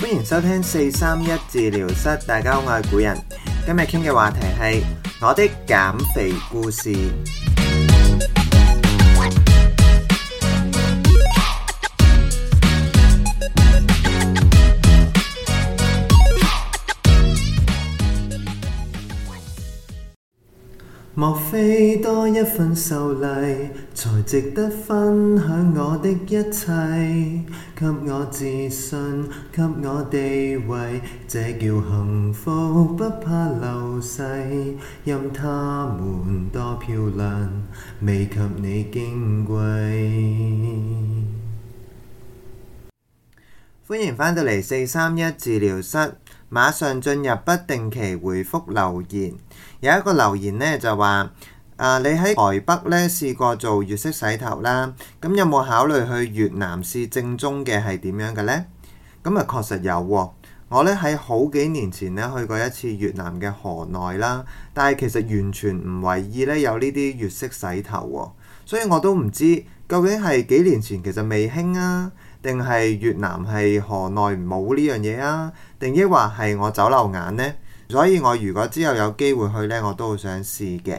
歡迎收聽四三一治療室，大家好，我係古人。今日傾嘅話題係我的減肥故事。莫非多一份秀麗，才值得分享我的一切？給我自信，給我地位，這叫幸福，不怕流逝。任他們多漂亮，未及你矜貴。歡迎返到嚟四三一治療室。馬上進入不定期回覆留言，有一個留言呢，就話：「誒、呃、你喺台北呢試過做越式洗頭啦，咁、啊、有冇考慮去越南試正宗嘅係點樣嘅呢？」咁啊確實有、啊，我呢喺好幾年前呢去過一次越南嘅河內啦，但係其實完全唔為意呢有呢啲越式洗頭喎、啊，所以我都唔知究竟係幾年前其實未興啊。定係越南係河內冇呢樣嘢啊？定抑或係我走漏眼呢？所以我如果之後有機會去呢，我都會想試嘅。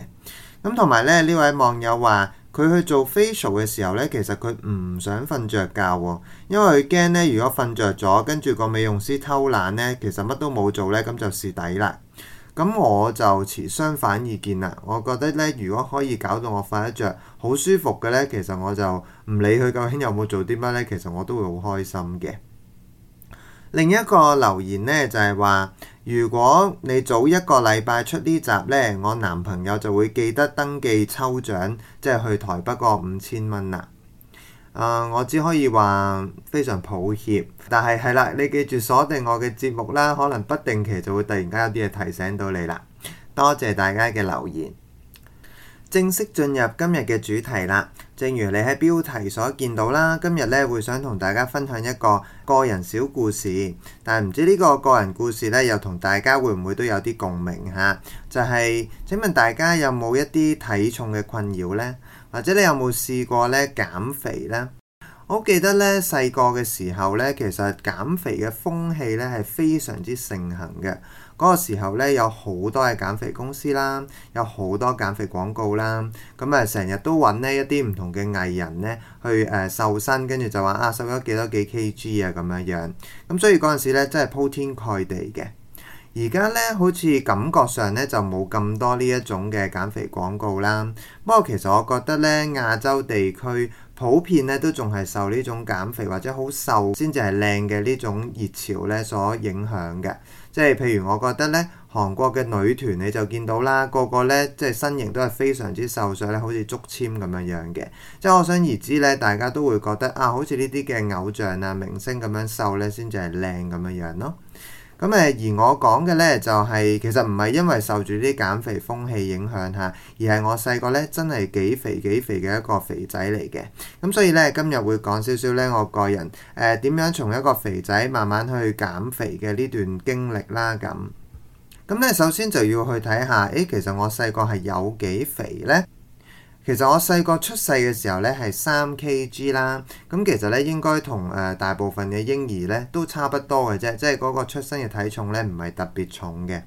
咁同埋呢，呢位網友話佢去做 facial 嘅時候呢，其實佢唔想瞓着覺喎、哦，因為佢驚呢，如果瞓着咗，跟住個美容師偷懶呢，其實乜都冇做呢，咁就蝕底啦。咁我就持相反意見啦。我覺得呢，如果可以搞到我瞓得着，好舒服嘅呢，其實我就唔理佢究竟有冇做啲乜呢。其實我都會好開心嘅。另一個留言呢，就係話，如果你早一個禮拜出呢集呢，我男朋友就會記得登記抽獎，即係去台北嗰五千蚊啦。啊、呃！我只可以話非常抱歉，但係係啦，你記住鎖定我嘅節目啦，可能不定期就會突然間有啲嘢提醒到你啦。多謝大家嘅留言，正式進入今日嘅主題啦。正如你喺標題所見到啦，今日呢會想同大家分享一個個人小故事，但係唔知呢個個人故事呢，又同大家會唔會都有啲共鳴嚇？就係、是、請問大家有冇一啲體重嘅困擾呢？或者你有冇試過呢減肥呢？我記得呢細個嘅時候呢，其實減肥嘅風氣呢係非常之盛行嘅。嗰、嗰個時候呢，有好多嘅減肥公司啦，有好多減肥廣告啦，咁啊成日都揾呢一啲唔同嘅藝人呢去誒、呃、瘦身，跟住就話啊瘦咗幾多幾 kg 啊咁樣樣。咁所以嗰陣時呢真係鋪天蓋地嘅。而家呢，好似感覺上呢，就冇咁多呢一種嘅減肥廣告啦。不過其實我覺得呢亞洲地區普遍呢，都仲係受呢種減肥或者好瘦先至係靚嘅呢種熱潮呢所影響嘅。即係譬如我覺得呢韓國嘅女團你就見到啦，個個呢即係身形都係非常之瘦削呢，好似竹籤咁樣樣嘅。即係可想而知呢，大家都會覺得啊，好似呢啲嘅偶像啊、明星咁樣瘦呢，先至係靚咁樣樣咯。咁誒，而我講嘅呢，就係、是、其實唔係因為受住啲減肥風氣影響嚇，而係我細個呢真係幾肥幾肥嘅一個肥仔嚟嘅。咁所以呢，今日會講少少呢，我個人誒點、呃、樣從一個肥仔慢慢去減肥嘅呢段經歷啦。咁咁呢，首先就要去睇下，誒其實我細個係有幾肥呢？其實我細個出世嘅時候呢係三 Kg 啦。咁其實呢應該同誒、呃、大部分嘅嬰兒呢都差不多嘅啫，即係嗰個出生嘅體重呢唔係特別重嘅。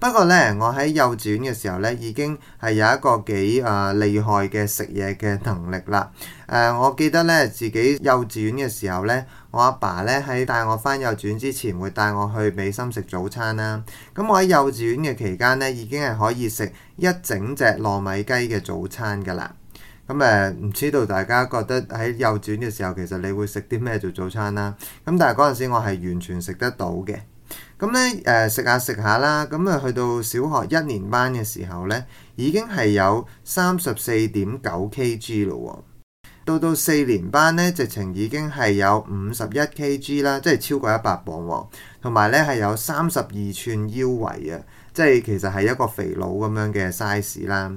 不過呢，我喺幼稚園嘅時候呢已經係有一個幾誒、呃、厲害嘅食嘢嘅能力啦。誒、呃，我記得呢自己幼稚園嘅時候呢。我阿爸咧喺帶我返幼稚園之前，會帶我去美心食早餐啦。咁我喺幼稚園嘅期間呢，已經係可以食一整隻糯米雞嘅早餐㗎喇。咁誒，唔知道大家覺得喺幼稚園嘅時候，其實你會食啲咩做早餐啦？咁但係嗰陣時我係完全食得到嘅。咁呢，誒、呃，食下食下啦。咁誒，去到小學一年班嘅時候呢，已經係有三十四點九 kg 咯喎、哦。到到四年班呢，直情已經係有五十一 kg 啦，即係超過一百磅喎。同埋呢係有三十二吋腰圍啊，即係其實係一個肥佬咁樣嘅 size 啦。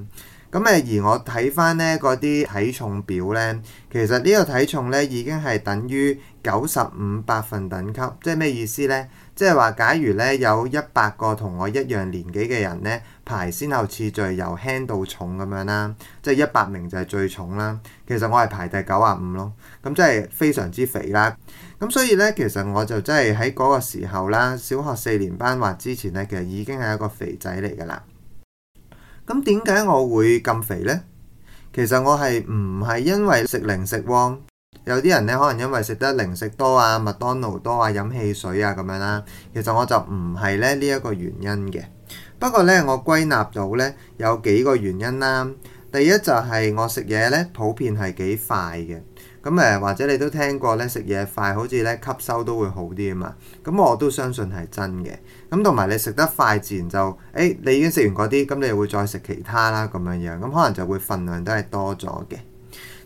咁誒而我睇翻呢嗰啲體重表呢，其實呢個體重呢已經係等於九十五百分等級，即係咩意思呢？即係話，假如呢有一百個同我一樣年紀嘅人呢，排先後次序由輕到重咁樣啦，即係一百名就係最重啦。其實我係排第九十五咯，咁真係非常之肥啦。咁所以呢，其實我就真係喺嗰個時候啦，小學四年班或之前呢，其實已經係一個肥仔嚟噶啦。咁點解我會咁肥呢？其實我係唔係因為食零食喎？有啲人咧可能因為食得零食多啊、麥當勞多啊、飲汽水啊咁樣啦、啊，其實我就唔係咧呢一，這個原因嘅。不過呢，我歸納到呢，有幾個原因啦。第一就係我食嘢呢，普遍係幾快嘅，咁、嗯、誒或者你都聽過呢，食嘢快好似呢，吸收都會好啲啊嘛。咁、嗯、我都相信係真嘅。咁同埋你食得快，自然就誒、哎、你已經食完嗰啲，咁你會再食其他啦咁樣樣，咁、嗯、可能就會份量都係多咗嘅。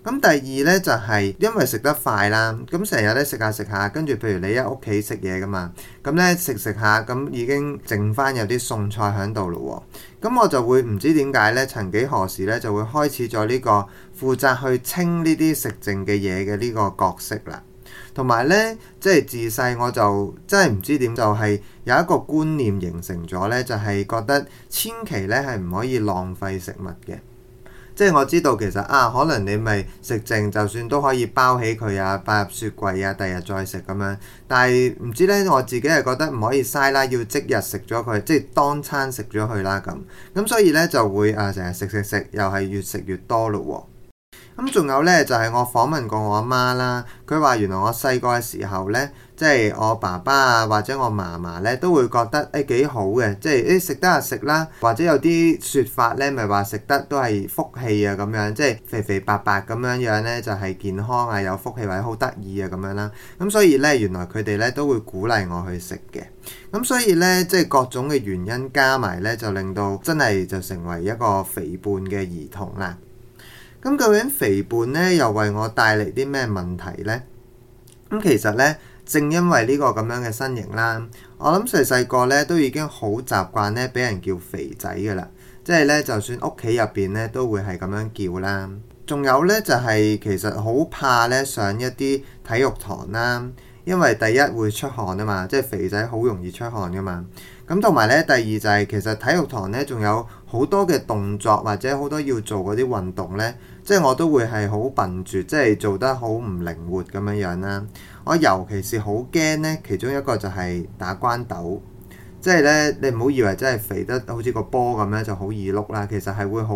咁第二呢，就係因為食得快啦，咁成日呢，食下食下，跟住譬如你喺屋企食嘢㗎嘛，咁呢，食食下，咁已經剩返有啲餸菜喺度咯喎，咁我就會唔知點解呢，曾幾何時呢，就會開始咗呢個負責去清呢啲食剩嘅嘢嘅呢個角色啦，同埋呢，即係自細我就即係唔知點就係有一個觀念形成咗呢，就係覺得千祈呢，係唔可以浪費食物嘅。即係我知道其實啊，可能你咪食剩，就算都可以包起佢啊，擺入雪櫃啊，第日再食咁樣。但係唔知呢，我自己係覺得唔可以嘥啦，要即日食咗佢，即係當餐食咗佢啦咁。咁所以呢，就會啊，成日食食食，又係越食越多咯喎、哦。咁仲有呢，就係、是、我訪問過我阿媽啦，佢話原來我細個嘅時候呢。即係我爸爸啊，或者我媽媽呢，都會覺得誒幾好嘅，即係誒食得啊食啦，或者有啲説法呢，咪話食得都係福氣啊咁樣，即係肥肥白白咁樣樣呢，就係健康啊有福氣或者好得意啊咁樣啦。咁所以呢，原來佢哋呢，都會鼓勵我去食嘅。咁所以呢，即係各種嘅原因加埋呢，就令到真係就成為一個肥胖嘅兒童啦。咁究竟肥胖呢，又為我帶嚟啲咩問題呢？咁其實呢。正因為呢個咁樣嘅身形啦，我諗細細個呢都已經好習慣呢俾人叫肥仔嘅啦，即係呢，就算屋企入邊呢都會係咁樣叫啦。仲有呢，就係其實好怕呢上一啲體育堂啦，因為第一會出汗啊嘛，即係肥仔好容易出汗噶嘛。咁同埋呢，第二就係其實體育堂呢仲有好多嘅動作或者好多要做嗰啲運動呢。即係我都會係好笨拙，即係做得好唔靈活咁樣樣啦。我尤其是好驚呢，其中一個就係打關鬥，即係呢，你唔好以為真係肥得好似個波咁樣就好易碌啦，其實係會好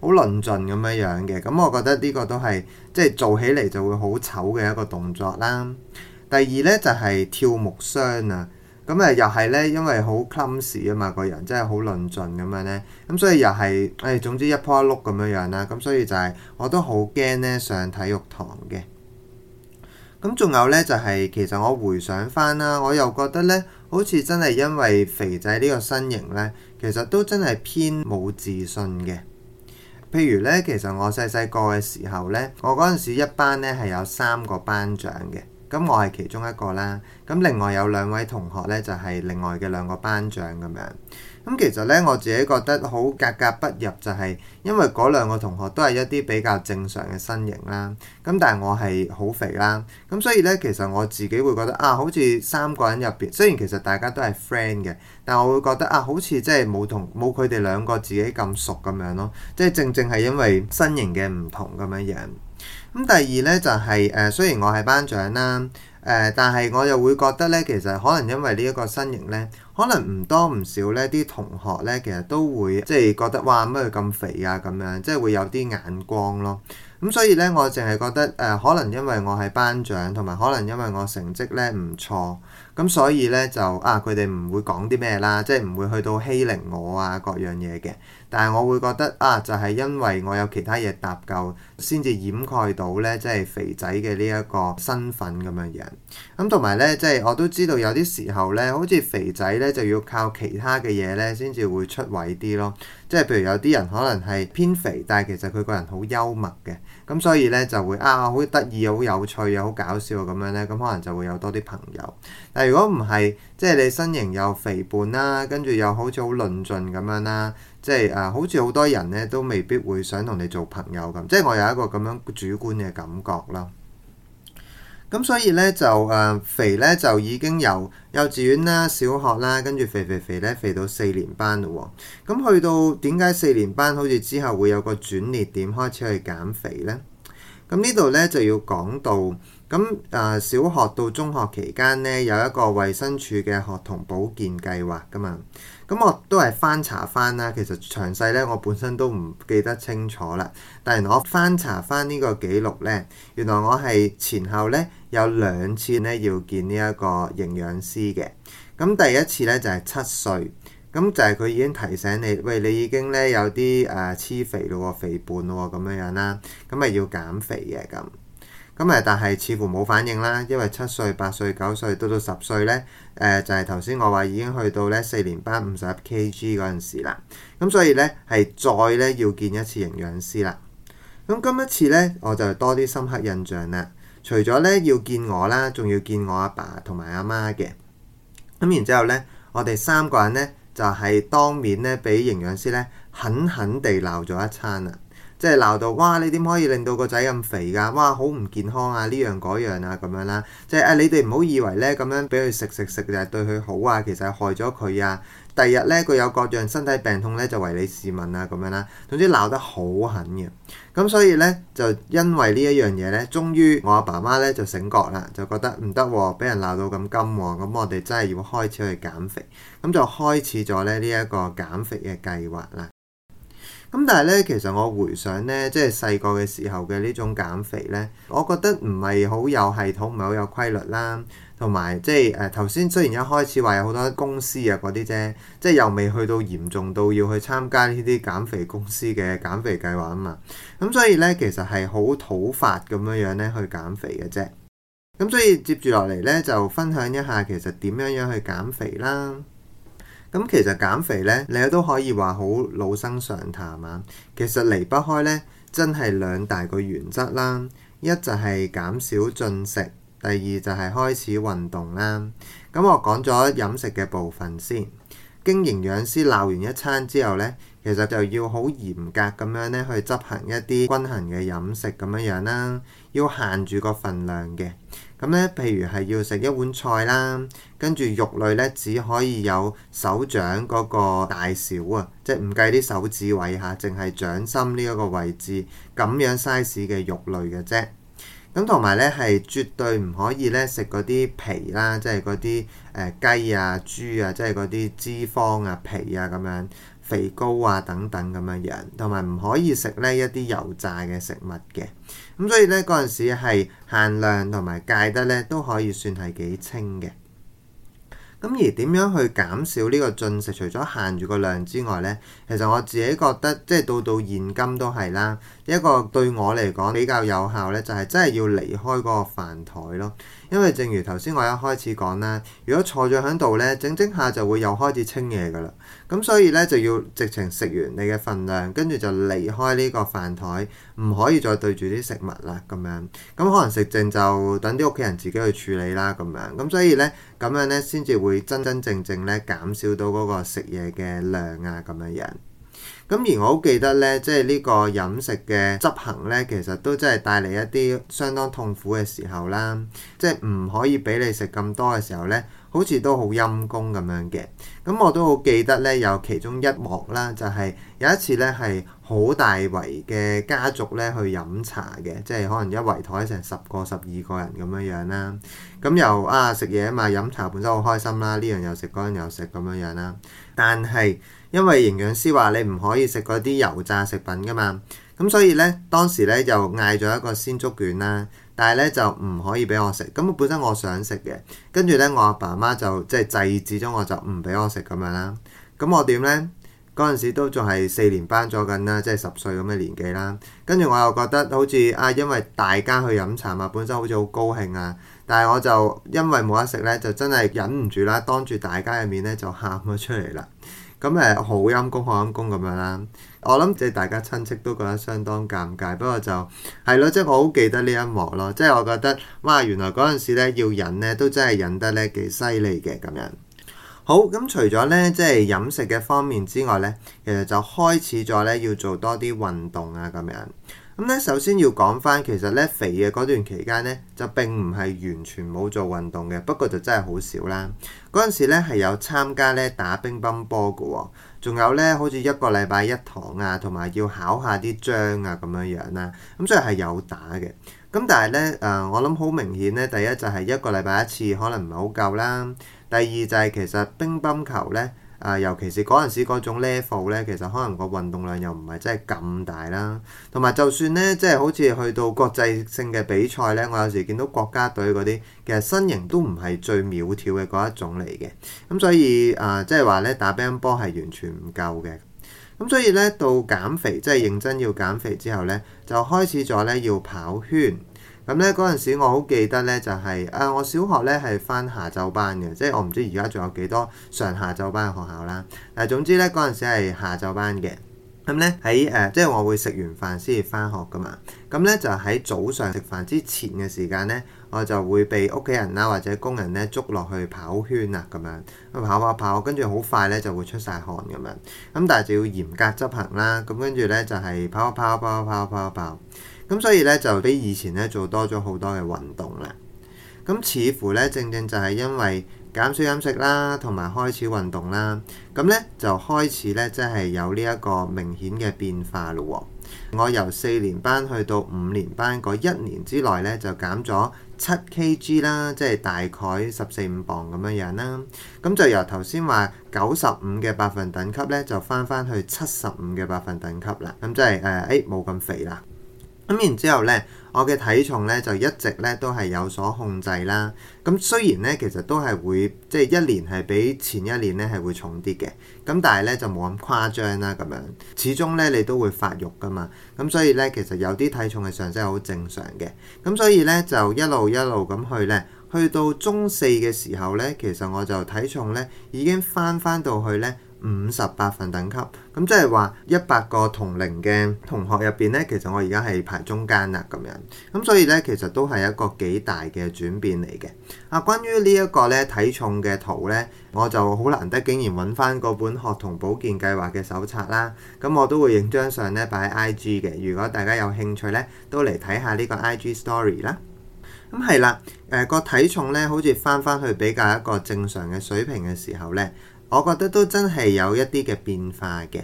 好論盡咁樣樣嘅。咁我覺得呢個都係即係做起嚟就會好醜嘅一個動作啦。第二呢，就係、是、跳木箱啊。咁誒、嗯、又係呢？因為好 clumsy 啊嘛，個人真係好論盡咁樣呢。咁、嗯、所以又係誒、哎、總之一顆一碌咁樣樣啦。咁、嗯、所以就係、是、我都好驚呢上體育堂嘅。咁、嗯、仲有呢，就係、是、其實我回想翻啦，我又覺得呢，好似真係因為肥仔呢個身形呢，其實都真係偏冇自信嘅。譬如呢，其實我細細個嘅時候呢，我嗰陣時一班呢係有三個班長嘅。咁我係其中一個啦，咁另外有兩位同學呢，就係另外嘅兩個班長咁樣。咁其實呢，我自己覺得好格格不入，就係因為嗰兩個同學都係一啲比較正常嘅身形啦。咁但係我係好肥啦。咁所以呢，其實我自己會覺得啊，好似三個人入邊，雖然其實大家都係 friend 嘅，但係我會覺得啊，好似即係冇同冇佢哋兩個自己咁熟咁樣咯。即係正正係因為身形嘅唔同咁樣樣。咁第二呢，就係誒，雖然我係班長啦，誒，但係我又會覺得呢，其實可能因為呢一個身形呢，可能唔多唔少呢啲同學呢，其實都會即係覺得哇，乜佢咁肥啊，咁樣即係會有啲眼光咯。咁所以呢，我淨係覺得誒，可能因為我係班長，同埋可能因為我成績呢唔錯，咁所以呢，就啊，佢哋唔會講啲咩啦，即係唔會去到欺凌我啊，各樣嘢嘅。但係我會覺得啊，就係因為我有其他嘢搭救，先至掩蓋到呢，即係肥仔嘅呢一個身份咁樣嘅人。咁同埋呢，即係我都知道有啲時候呢，好似肥仔呢，就要靠其他嘅嘢呢，先至會出位啲咯。即係譬如有啲人可能係偏肥，但係其實佢個人好幽默嘅，咁所以呢，就會啊好得意好有趣啊、好搞笑啊咁樣呢，咁可能就會有多啲朋友。但如果唔係，即係你身形又肥胖啦，跟住又好似好論盡咁樣啦。即係啊，好似好多人呢都未必會想同你做朋友咁，即係我有一個咁樣主觀嘅感覺啦。咁所以呢，就誒、啊、肥呢就已經由幼稚園啦、小學啦，跟住肥肥肥肥呢，肥到四年班啦喎、哦。咁去到點解四年班好似之後會有個轉捩點開始去減肥呢？咁呢度呢，就要講到。咁誒、呃，小學到中學期間呢，有一個衛生署嘅學童保健計劃㗎嘛。咁我都係翻查翻啦，其實詳細呢，我本身都唔記得清楚啦。但係我翻查翻呢個記錄呢，原來我係前後呢有兩次呢要見呢一個營養師嘅。咁第一次呢，就係、是、七歲，咁就係佢已經提醒你，喂，你已經呢有啲誒黐肥嘞喎，肥胖嘞喎，咁樣樣啦，咁咪要減肥嘅咁。咁誒，但係似乎冇反應啦，因為七歲、八歲、九歲到到十歲呢，誒、呃、就係頭先我話已經去到呢四年班五十 Kg 嗰陣時啦。咁所以呢，係再呢要見一次營養師啦。咁今一次呢，我就多啲深刻印象啦。除咗呢要見我啦，仲要見我阿爸同埋阿媽嘅。咁然之後呢，我哋三個人呢，就係當面呢，俾營養師呢狠狠地鬧咗一餐啦。即係鬧到，哇！你點可以令到個仔咁肥㗎？哇，好唔健康啊！呢樣嗰樣啊，咁樣啦、啊。即係誒，你哋唔好以為呢，咁樣俾佢食食食就係對佢好啊，其實係害咗佢啊。第二日呢，佢有各樣身體病痛呢，就為你試問啊，咁樣啦、啊。總之鬧得好狠嘅。咁所以呢，就因為呢一樣嘢呢，終於我阿爸媽呢就醒覺啦，就覺得唔得、啊，俾人鬧到咁金喎。咁我哋真係要開始去減肥。咁就開始咗咧呢一、這個減肥嘅計劃啦。咁但係咧，其實我回想咧，即係細個嘅時候嘅呢種減肥咧，我覺得唔係好有系統，唔係好有規律啦，同埋即係誒頭先雖然一開始話有好多公司啊嗰啲啫，即係又未去到嚴重到要去參加呢啲減肥公司嘅減肥計劃啊嘛，咁所以咧，其實係好土法咁樣樣咧去減肥嘅啫，咁所以接住落嚟咧就分享一下其實點樣樣去減肥啦。咁其實減肥呢，你都可以話好老生常談啊。其實離不開呢，真係兩大個原則啦。一就係減少進食，第二就係開始運動啦。咁我講咗飲食嘅部分先。經營養師鬧完一餐之後呢，其實就要好嚴格咁樣呢去執行一啲均衡嘅飲食咁樣樣啦，要限住個份量嘅。咁呢，譬如係要食一碗菜啦，跟住肉類呢，只可以有手掌嗰個大小啊，即係唔計啲手指位吓，淨係掌心呢一個位置咁樣 size 嘅肉類嘅啫。咁同埋呢，係絕對唔可以呢食嗰啲皮啦，即係嗰啲誒雞啊、豬啊，即係嗰啲脂肪啊、皮啊咁樣。肥膏啊，等等咁樣樣，同埋唔可以食呢一啲油炸嘅食物嘅咁，所以呢，嗰陣時係限量同埋戒得呢都可以算係幾清嘅。咁而點樣去減少呢個進食？除咗限住個量之外呢，其實我自己覺得即係、就是、到到現今都係啦，一個對我嚟講比較有效呢，就係、是、真係要離開嗰個飯台咯。因為正如頭先我一開始講啦，如果坐咗喺度呢，整整下就會又開始清嘢㗎喇，咁所以呢，就要直情食完你嘅份量，跟住就離開呢個飯枱，唔可以再對住啲食物啦咁樣。咁可能食剩就等啲屋企人自己去處理啦咁樣。咁所以呢，咁樣呢，先至會真真正正呢，減少到嗰個食嘢嘅量啊咁樣樣。咁而我好記得呢，即係呢個飲食嘅執行呢，其實都真係帶嚟一啲相當痛苦嘅時候啦。即係唔可以俾你食咁多嘅時候呢，好似都好陰功咁樣嘅。咁我都好記得呢，有其中一幕啦，就係有一次呢，係好大圍嘅家族呢去飲茶嘅，即係可能一圍枱成十個十二個人咁樣樣啦。咁又啊食嘢啊嘛，飲茶本身好開心啦，呢樣又食嗰樣又食咁樣樣啦，但係，因為營養師話你唔可以食嗰啲油炸食品㗎嘛，咁所以呢，當時呢就嗌咗一個鮮竹卷啦，但係呢就唔可以俾我食。咁本身我想食嘅，跟住呢我阿爸阿媽就即係制止咗我，就唔俾我食咁樣啦。咁我點呢？嗰陣時都仲係四年班，咗緊啦，即係十歲咁嘅年紀啦。跟住我又覺得好似啊，因為大家去飲茶嘛，本身好似好高興啊，但係我就因為冇得食呢，就真係忍唔住啦，當住大家嘅面呢，就喊咗出嚟啦。咁誒好陰功，好陰功咁樣啦。我諗即係大家親戚都覺得相當尷尬，不過就係咯，即係我好記得呢一幕咯。即係我覺得哇，原來嗰陣時咧要忍咧，都真係忍得咧幾犀利嘅咁樣。好咁，嗯，除咗咧即係飲食嘅方面之外咧，其實就開始咗咧要做多啲運動啊咁樣。咁咧，首先要講翻，其實咧肥嘅嗰段期間呢，就並唔係完全冇做運動嘅，不過就真係好少啦。嗰陣時咧係有參加咧打乒乓波㗎喎，仲有呢好似一個禮拜一堂啊，同埋要考下啲章啊咁樣樣、啊、啦。咁所以係有打嘅，咁但係呢，誒、呃，我諗好明顯呢，第一就係一個禮拜一次可能唔係好夠啦，第二就係其實乒乓球呢。啊、呃，尤其是嗰陣時嗰種 level 咧，其實可能個運動量又唔係真係咁大啦。同埋就算呢，即係好似去到國際性嘅比賽呢，我有時見到國家隊嗰啲，其實身形都唔係最苗條嘅嗰一種嚟嘅。咁所以啊、呃，即係話呢，打乒乓波係完全唔夠嘅。咁所以呢，到減肥，即係認真要減肥之後呢，就開始咗呢，要跑圈。咁呢嗰陣時，我好記得呢、就是，就係啊，我小學呢係翻下晝班嘅，即係我唔知而家仲有幾多上下晝班嘅學校啦。但、啊、係總之呢，嗰陣時係下晝班嘅。咁、嗯、呢，喺誒、呃，即係我會食完飯先至翻學噶嘛。咁、嗯、呢，就喺早上食飯之前嘅時間呢，我就會被屋企人啦、啊、或者工人呢捉落去跑圈啊咁樣，跑跑、跑，跟住好快呢就會出晒汗咁樣。咁但係就要嚴格執行啦。咁跟住呢，就係、是、跑，跑，跑，跑跑跑跑跑跑。咁所以咧就比以前咧做多咗好多嘅運動啦。咁似乎咧正正就係因為減少飲食啦，同埋開始運動啦，咁咧就開始咧即係有呢一個明顯嘅變化咯喎。我由四年班去到五年班嗰一年之內咧就減咗七 Kg 啦，即係大概十四五磅咁樣樣啦。咁就由頭先話九十五嘅百分等級咧，就返返去七十五嘅百分等級啦。咁即係誒誒冇咁肥啦。咁然之後呢，我嘅體重呢就一直呢都係有所控制啦。咁雖然呢，其實都係會即係、就是、一年係比前一年呢係會重啲嘅，咁但係呢，就冇咁誇張啦。咁樣始終呢，你都會發育㗎嘛，咁所以呢，其實有啲體重嘅上升係好正常嘅。咁所以呢，就一路一路咁去呢。去到中四嘅時候呢，其實我就體重呢已經翻翻到去呢。五十八分等級，咁即係話一百個同齡嘅同學入邊呢，其實我而家係排中間啦咁樣，咁所以呢，其實都係一個幾大嘅轉變嚟嘅。啊，關於呢一個呢體重嘅圖呢，我就好難得竟然揾翻嗰本學童保健計劃嘅手冊啦，咁我都會影張相呢擺喺 IG 嘅。如果大家有興趣呢，都嚟睇下呢個 IG story 啦。咁係啦，誒、呃、個體重呢，好似翻翻去比較一個正常嘅水平嘅時候呢，我覺得都真係有一啲嘅變化嘅，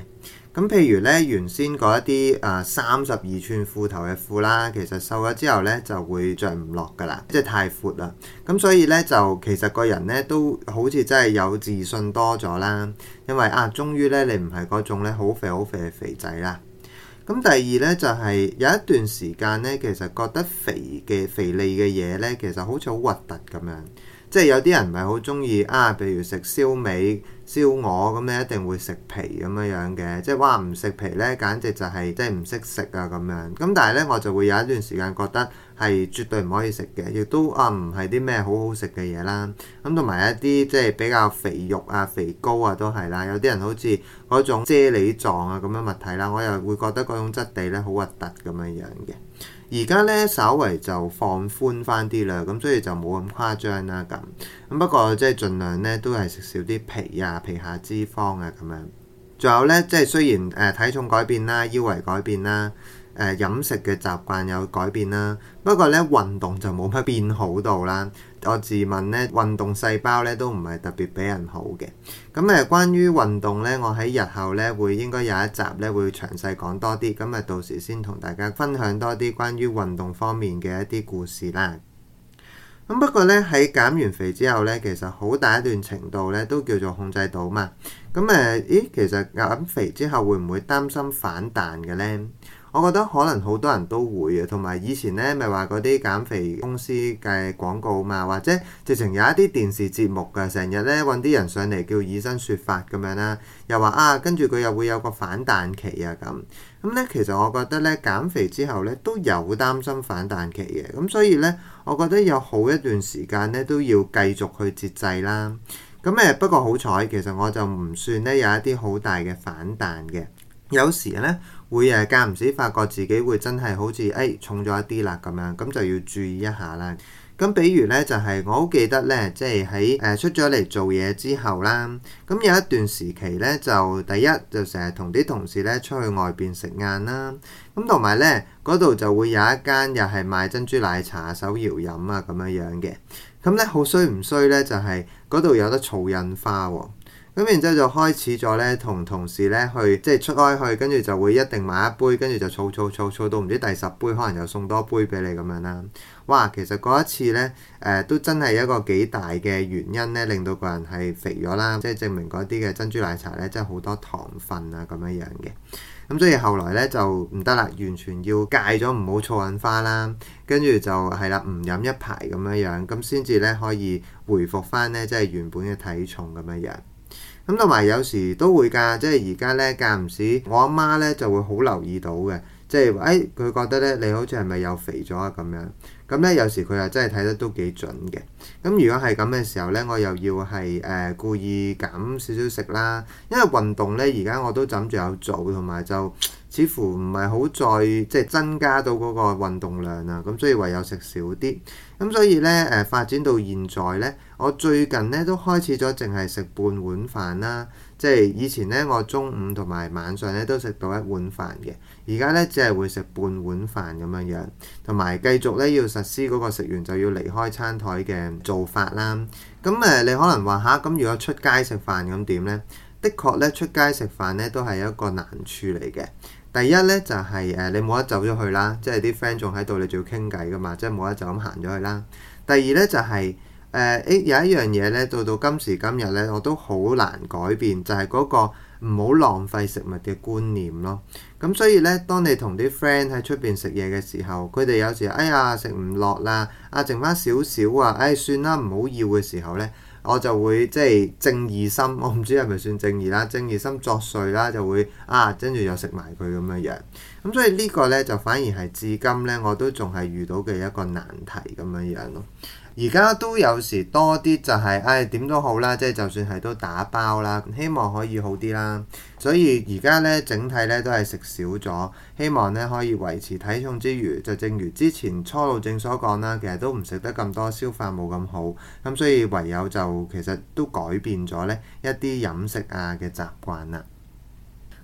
咁譬如呢，原先嗰一啲誒三十二寸褲頭嘅褲啦，其實瘦咗之後呢就會着唔落噶啦，即係太闊啦。咁所以呢，就其實個人呢都好似真係有自信多咗啦，因為啊，終於呢你唔係嗰種呢好肥好肥嘅肥仔啦。咁第二呢，就係、是、有一段時間呢，其實覺得肥嘅肥膩嘅嘢呢，其實好似好核突咁樣。即係有啲人唔係好中意啊，譬如食燒味、燒鵝咁咧，樣一定會食皮咁樣樣嘅。即係話唔食皮呢，簡直就係、係、即係唔識食啊咁樣。咁但係呢，我就會有一段時間覺得係絕對唔可以食嘅，亦都啊唔係啲咩好好食嘅嘢啦。咁同埋一啲即係比較肥肉啊、肥膏啊都係啦。有啲人好似嗰種啫喱狀啊咁樣物體啦，我又會覺得嗰種質地呢好核突咁樣樣嘅。而家呢，稍微就放寬翻啲啦，咁所以就冇咁誇張啦咁。咁不過即係儘量呢都係食少啲皮啊、皮下脂肪啊咁樣。仲有呢，即係雖然誒、呃、體重改變啦、腰圍改變啦。誒、呃、飲食嘅習慣有改變啦，不過呢，運動就冇乜變好到啦。我自問呢，運動細胞呢都唔係特別俾人好嘅。咁誒、呃、關於運動呢，我喺日後呢會應該有一集呢會詳細講多啲。咁誒，到時先同大家分享多啲關於運動方面嘅一啲故事啦。咁不過呢，喺減完肥之後呢，其實好大一段程度呢都叫做控制到嘛。咁誒、呃，咦其實減肥之後會唔會擔心反彈嘅呢？我覺得可能好多人都會呀，同埋以前咧咪話嗰啲減肥公司嘅廣告嘛，或者直情有一啲電視節目嘅，成日咧搵啲人上嚟叫以身說法咁樣啦，又話啊跟住佢又會有個反彈期啊咁。咁咧、嗯、其實我覺得咧減肥之後咧都有擔心反彈期嘅，咁、嗯、所以咧我覺得有好一段時間咧都要繼續去節制啦。咁誒不過好彩，其實我就唔算咧有一啲好大嘅反彈嘅。有時咧。會誒間唔時發覺自己會真係好似誒、哎、重咗一啲啦咁樣，咁就要注意一下啦。咁比如呢，就係、是、我好記得呢，即係喺誒出咗嚟做嘢之後啦，咁有一段時期呢，就第一就成日同啲同事呢出去外邊食晏啦，咁同埋呢，嗰度就會有一間又係賣珍珠奶茶手搖飲啊咁樣樣嘅，咁呢，好衰唔衰呢？就係嗰度有得儲印花喎、哦。咁然之後就開始咗呢，同同事呢去即係出開去，跟住就會一定買一杯，跟住就儲儲儲儲到唔知第十杯可能就送多杯俾你咁樣啦。哇！其實嗰一次呢，呃、都真係一個幾大嘅原因呢，令到個人係肥咗啦，即係證明嗰啲嘅珍珠奶茶呢，真係好多糖分啊咁樣樣嘅。咁所以後來呢，就唔得啦，完全要戒咗唔好儲印花啦，跟住就係啦唔飲一排咁樣樣，咁先至呢，可以回復翻呢，即係原本嘅體重咁樣樣。咁同埋有時都會㗎，即係而家呢間唔時，我阿媽呢就會好留意到嘅，即係誒佢覺得呢，你好似係咪又肥咗啊咁樣。咁呢，有時佢又真係睇得都幾準嘅。咁如果係咁嘅時候呢，我又要係誒、呃、故意減少少食啦，因為運動呢，而家我都枕住有做，同埋就似乎唔係好再即係增加到嗰個運動量啊。咁所以唯有食少啲。咁所以呢，誒、呃、發展到現在呢，我最近呢都開始咗淨係食半碗飯啦。即係以前呢，我中午同埋晚上呢都食到一碗飯嘅，而家呢，只係會食半碗飯咁樣樣，同埋繼續呢，要實施嗰個食完就要離開餐檯嘅做法啦。咁誒，你可能話吓，咁、啊、如果出街食飯咁點呢？的確呢，出街食飯呢都係一個難處嚟嘅。第一呢，就係誒你冇得走咗去啦，即係啲 friend 仲喺度，你仲要傾偈㗎嘛，即係冇得就咁行咗去啦。第二呢，就係誒誒有一樣嘢呢，到到今時今日呢，我都好難改變，就係嗰個唔好浪費食物嘅觀念咯。咁所以呢，當你同啲 friend 喺出邊食嘢嘅時候，佢哋有時哎呀食唔落啦，啊剩翻少少啊，哎算啦唔好要嘅時候呢。我就會即係正義心，我唔知係咪算正義啦，正義心作祟啦，就會啊，跟住又食埋佢咁樣樣。咁所以呢個呢，就反而係至今呢，我都仲係遇到嘅一個難題咁樣樣咯。而家都有時多啲就係，唉，點都好啦，即係就算係都打包啦，希望可以好啲啦。所以而家呢，整體呢都係食少咗，希望呢可以維持體重之餘，就正如之前初老症所講啦，其實都唔食得咁多，消化冇咁好，咁所以唯有就其實都改變咗呢一啲飲食啊嘅習慣啦。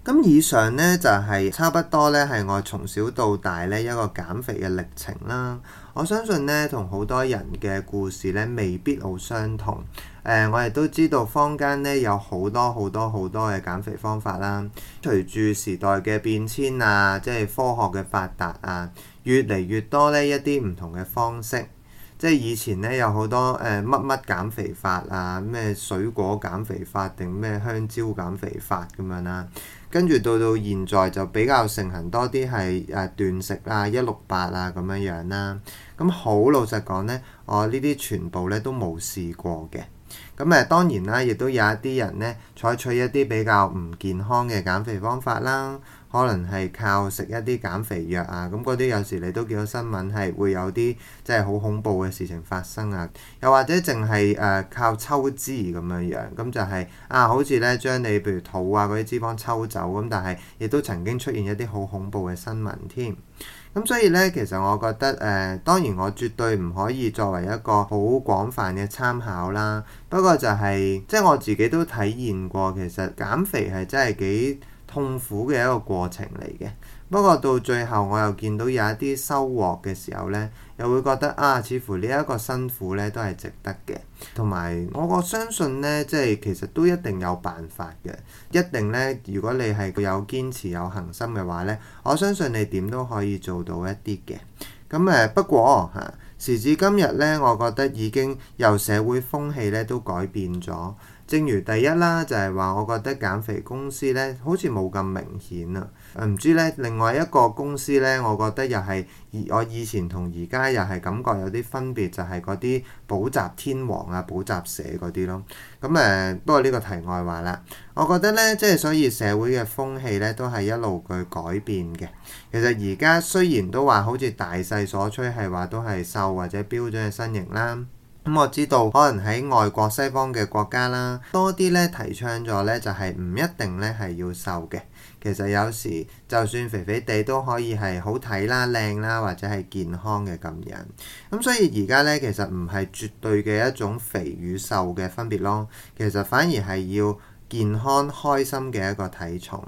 咁以上呢就係差不多呢係我從小到大呢一個減肥嘅歷程啦。我相信呢，同好多人嘅故事呢未必好相同。誒、呃，我哋都知道坊間呢有好多好多好多嘅減肥方法啦。隨住時代嘅變遷啊，即係科學嘅發達啊，越嚟越多呢一啲唔同嘅方式。即係以前呢有好多誒乜乜減肥法啊，咩水果減肥法定咩香蕉減肥法咁樣啦、啊。跟住到到現在就比較盛行多啲係誒斷食啊、一六八啊咁樣樣啊啦。咁好老實講呢，我呢啲全部呢都冇試過嘅。咁誒當然啦，亦都有一啲人呢採取一啲比較唔健康嘅減肥方法啦。可能係靠食一啲減肥藥啊，咁嗰啲有時你都見到新聞係會有啲即係好恐怖嘅事情發生啊，又或者淨係誒靠抽脂咁樣樣，咁就係、是、啊，好似呢將你譬如肚啊嗰啲脂肪抽走咁，但係亦都曾經出現一啲好恐怖嘅新聞添。咁所以呢，其實我覺得誒、呃，當然我絕對唔可以作為一個好廣泛嘅參考啦。不過就係、是、即係我自己都體驗過，其實減肥係真係幾～痛苦嘅一個過程嚟嘅，不過到最後我又見到有一啲收穫嘅時候呢，又會覺得啊，似乎呢一個辛苦呢都係值得嘅。同埋我我相信呢，即係其實都一定有辦法嘅，一定呢，如果你係有堅持有恒心嘅話呢，我相信你點都可以做到一啲嘅。咁誒，不過嚇、啊、時至今日呢，我覺得已經由社會風氣呢都改變咗。正如第一啦，就係話，我覺得減肥公司呢好似冇咁明顯啊。唔、呃、知呢，另外一個公司呢，我覺得又係，我以前同而家又係感覺有啲分別，就係嗰啲補習天王啊、補習社嗰啲咯。咁、嗯、誒，不過呢個題外話啦。我覺得呢，即係所以社會嘅風氣呢都係一路去改變嘅。其實而家雖然都話好似大勢所趨，係話都係瘦或者標準嘅身形啦。咁、嗯、我知道可能喺外國西方嘅國家啦，多啲呢提倡咗呢就係、是、唔一定呢係要瘦嘅。其實有時就算肥肥哋都可以係好睇啦、靚啦或者係健康嘅咁樣。咁、嗯、所以而家呢，其實唔係絕對嘅一種肥與瘦嘅分別咯。其實反而係要健康、開心嘅一個體重，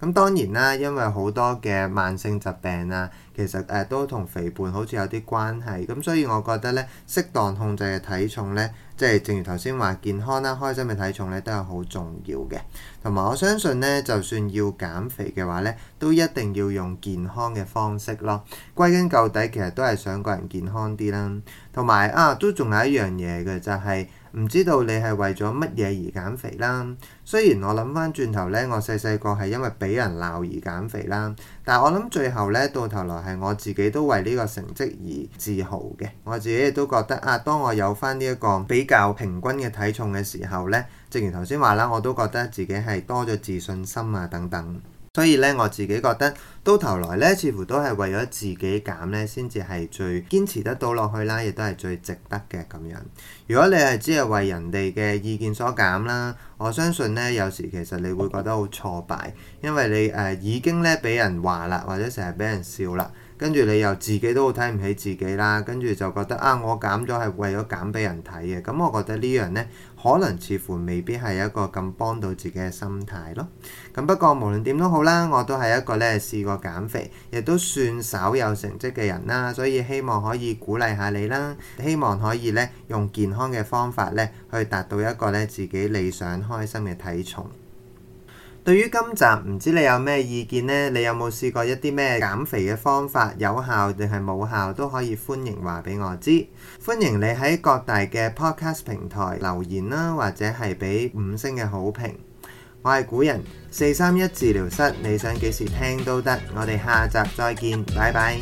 咁當然啦，因為好多嘅慢性疾病啊，其實誒、呃、都同肥胖好似有啲關係，咁所以我覺得呢，適當控制嘅體重呢，即、就、係、是、正如頭先話健康啦、開心嘅體重呢，都係好重要嘅。同埋我相信呢，就算要減肥嘅話呢，都一定要用健康嘅方式咯。歸根究底，其實都係想個人健康啲啦。同埋啊，都仲有一樣嘢嘅就係、是。唔知道你係為咗乜嘢而減肥啦。雖然我諗翻轉頭呢，我細細個係因為俾人鬧而減肥啦。但係我諗最後呢，到頭來係我自己都為呢個成績而自豪嘅。我自己亦都覺得啊，當我有翻呢一個比較平均嘅體重嘅時候呢，正如頭先話啦，我都覺得自己係多咗自信心啊等等。所以咧，我自己覺得，到頭來咧，似乎都係為咗自己減咧，先至係最堅持得到落去啦，亦都係最值得嘅咁樣。如果你係只係為人哋嘅意見所減啦，我相信咧，有時其實你會覺得好挫敗，因為你誒、呃、已經咧俾人話啦，或者成日俾人笑啦。跟住你又自己都好睇唔起自己啦，跟住就覺得啊，我減咗係為咗減俾人睇嘅，咁我覺得呢樣呢，可能似乎未必係一個咁幫到自己嘅心態咯。咁不過無論點都好啦，我都係一個呢試過減肥，亦都算稍有成績嘅人啦，所以希望可以鼓勵下你啦，希望可以呢用健康嘅方法呢，去達到一個呢自己理想開心嘅體重。對於今集唔知你有咩意見呢？你有冇試過一啲咩減肥嘅方法有效定係冇效？都可以歡迎話俾我知。歡迎你喺各大嘅 podcast 平台留言啦，或者係俾五星嘅好評。我係古人，四三一治療室，你想幾時聽都得。我哋下集再見，拜拜。